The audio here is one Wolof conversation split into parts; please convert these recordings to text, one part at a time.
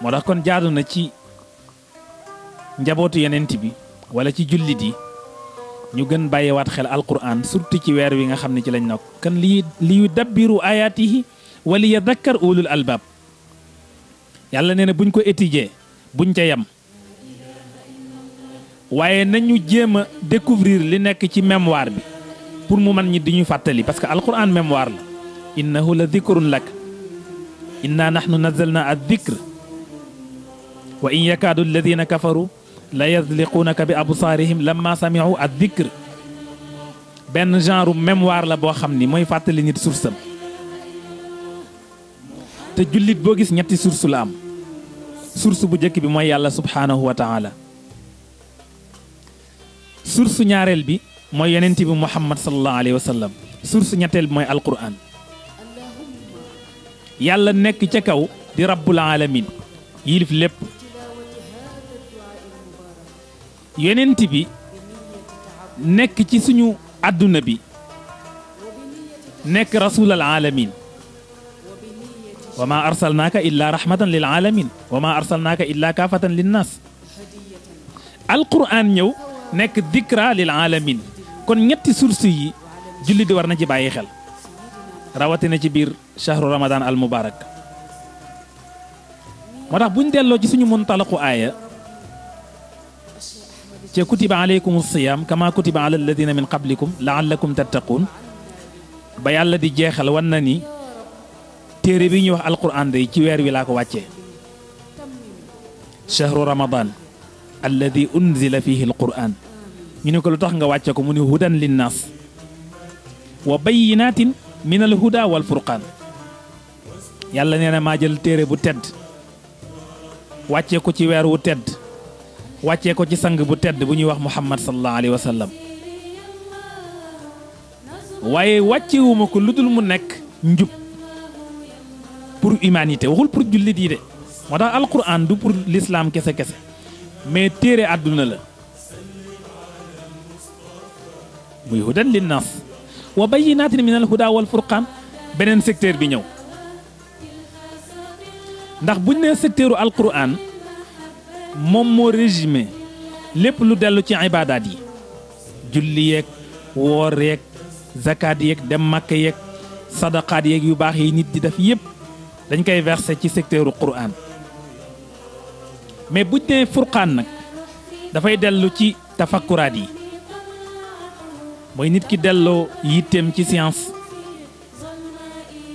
moo tax kon jaadu na ci njabootu yenent bi wala ci jullit di ñu gën bàyyiwaat xel alquran surtout ci weer wi nga xam ci lañ kan li liyu dabbiru ayaatihi wala ulul albab yàlla nee na buñ ko étudier buñ ca yem waaye nañu jéem a découvrir li nekk ci mémoire bi pour mu man ñi diñu fatali parce que alquran mémoire la innahu la lak inna nahnu nazzalna adh-dhikra وإن يكاد الذين كفروا لا يذلقونك بأبصارهم لما سمعوا الذكر بن جانرو ميموار لا بو خامني موي فاتلي نيت سورسام تا جوليت بو غيس نياتي سورس لا ام سبحانه وتعالى سورس نياريل بي موي يننتي بي صلى الله عليه وسلم سورس نياتيل موي القران يالا نيك تي دي رب العالمين يلف لب yonent bi nek ci suñu aduna bi nekk rasulal alamin wa ma arsalnaaka illa rahmatan lil alamin wa ma arsalnaaka illa kaafatan al alquran ñëw nek dikra lil alamin kon ñetti source yi julli di war na ci baye xel na ci bir shahr ramadan al mubarak motax buñ delo ci suñu muntalaqu aya كتب عليكم الصيام كما كتب على الذين من قبلكم لعلكم تتقون با يالا دي جيخال وناني تيري بي ني واخ القران دي تي وير شهر رمضان الذي انزل فيه القران ني نكو لوتاخ nga واتيه كو موني هدى للناس وبينات من الهدى والفرقان يالا نينا ما جيل تيري بو تيد واتيه كو تي وير وو تيد wàccee ko ci sang bu tedd bu ñuy wax muhammad sallallahu alayhi wa wàccewuma ko lu dul mu nekk njub pour humanité waxul pour jullit yi de moo tax alquran du pour lislaam kese kese mais téere àdduna la muy hudan linnas wa bay bayyinatin min al huda wal furqaan beneen secteur bi ñëw ndax buñ nee secteuru alquran moom moo résumé lépp lu dellu ci ibaadaat yi julli yeeg woor yeeg zakaat yeeg dem màkk yeeg sadaqaat yeeg yu baax yi nit di def yépp dañ koy versé ci secteuru Qur'an mais bu nee furqaan nag dafay dellu ci tafakkuraat yi mooy nit ki delloo yitteem ci science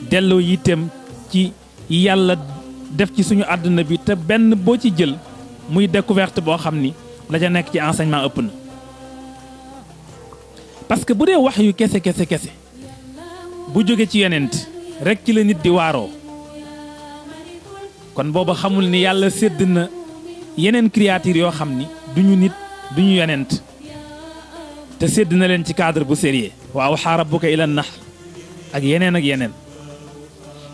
delloo yitteem ci yàlla def ci suñu àdduna bi te benn boo ci jël muy découverte boo xam ni la ca nekk ci enseignement ëpp na parce que bu dee wax yu kese kese kese bu jóge ci yeneent rek ci la nit di waaroo kon booba xamul ni yàlla sédd na yeneen créature yoo xam ni duñu nit duñu yonent te sédd na leen ci cadre bu sérieux waaw xaa rabbuka ila nax ak yeneen ak yeneen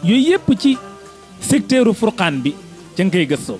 yooyu yépp ci secteuru furqaan bi ca nga koy gëstoo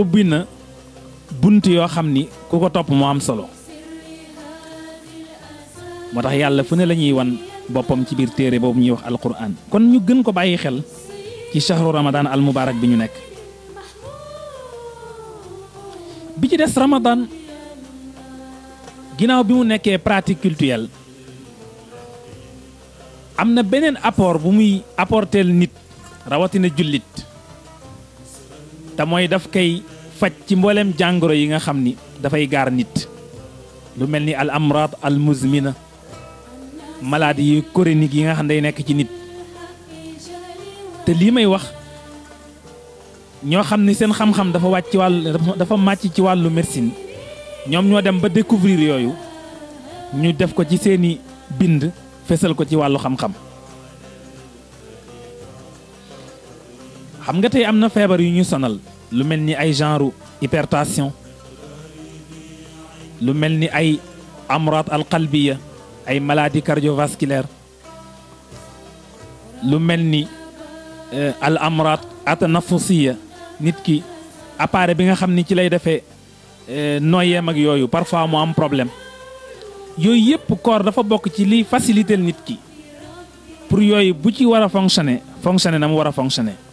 ubbi na bunt yoo xam ni ku ko topp moo am solo moo tax yàlla fu ne la wan boppam ci biir téere boobu ñuy wax alquran kon ñu gën ko bàyyi xel ci shahru ramadan al bi ñu nekk bi ci des ramadan ginnaaw bi mu nekkee pratique culturelle am na beneen apport bu muy apporteel nit rawatina jullit te mooy daf koy faj ci mbooleem jàngoro yi nga xam ni dafay gaar nit lu mel ni al amraad al muzmina maladi yi chronique yi nga xam day nekk ci nit te lii may wax ñoo xam ni seen xam-xam dafa wàcc ci wàllu dafa màcc ci wàllu médecine ñoom ñoo dem ba découvrir yooyu ñu def ko ci seeni bind fesal ko ci wàllu xam-xam xam nga tey am na feebar yu ñu sonal lu mel ni ay genre hypertension lu mel ni ay al qalbiya ay maladie cardiovasculaire lu mel ni euh, al amraat atanafusiya nit ki appareil bi nga xamni ci lay defé euh, noyem ak yoyu parfois mo am problème yooyu corps dafa bok ci faciliter nit ki pour yoy bu ci war fonctionner fonctionner nam fonctionner